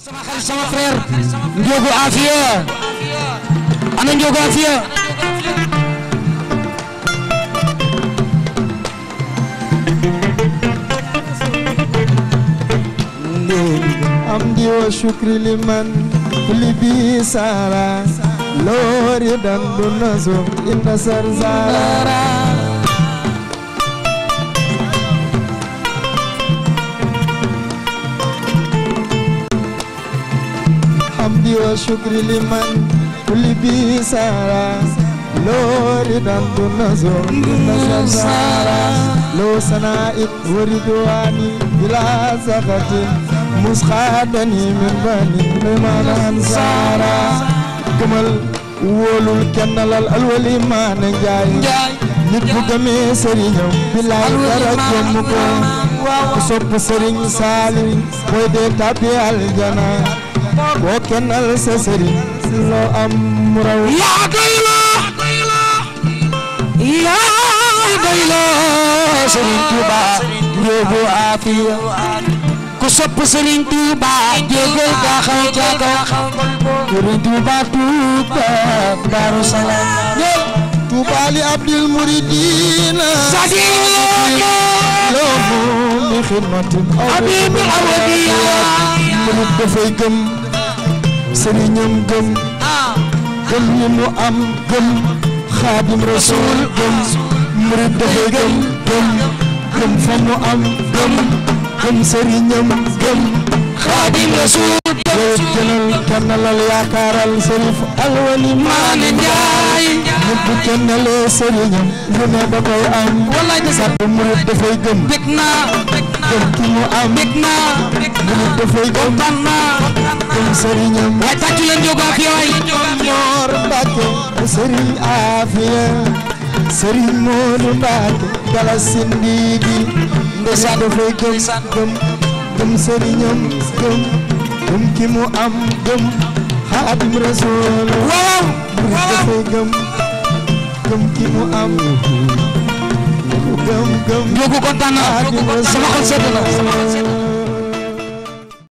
sama sama prayer njogo afia anu njogo afia Am wa shukri liman kulli sara lori dan dunazo inda sarzara الحمد والشكر لمن كل بي سارة لو رضا النظر النظر سارة لو سناء وردواني بلا زغة مسخادني من بني ممن سارة كمل wóolul kenn lal alwali maana njaay nit bu gëmee sëriñam bilaay dara jëmm ko ku sopp sëriñ saali mooy dee tàbbi aljana boo kennal sa sëriñ loo am ya raw yaa doy loo yaa doy loo sëriñ Tuuba yóbbu aafiya ku sopp sëriñ Tuuba jégal ga xaw jaga sëriñ Tuuba Tuuba Daaru Salaam Tuuba li abdil muridina sadiq loo mu mi xidmatin abib awadiya murid dafay gëm sëriñam gëm ah. gëm ñu mu am gëm xaadim rasul gëm gëm gëm gëm fa mu gëm gëm sëriñam gëm xaadim rasul gëm jëlal tànnalal yaakaaral sërif nit bu kenn lee sëriñam lu ne am sàpp dafay gëm gëm ki mu am murit dafay gëm gëm sëriñam waay leen jóg ak yooy Mor Mbacke sëriñ Afia sëriñ Moodu Mbacke dala sindi gëm gëm gëm sëriñam gëm gëm ki mu am gëm xaadim rasul waaw dafay gëm gëm ki mu am gëm gëm ñoo ko kontaan naa sama xol sedd na sama xol sedd na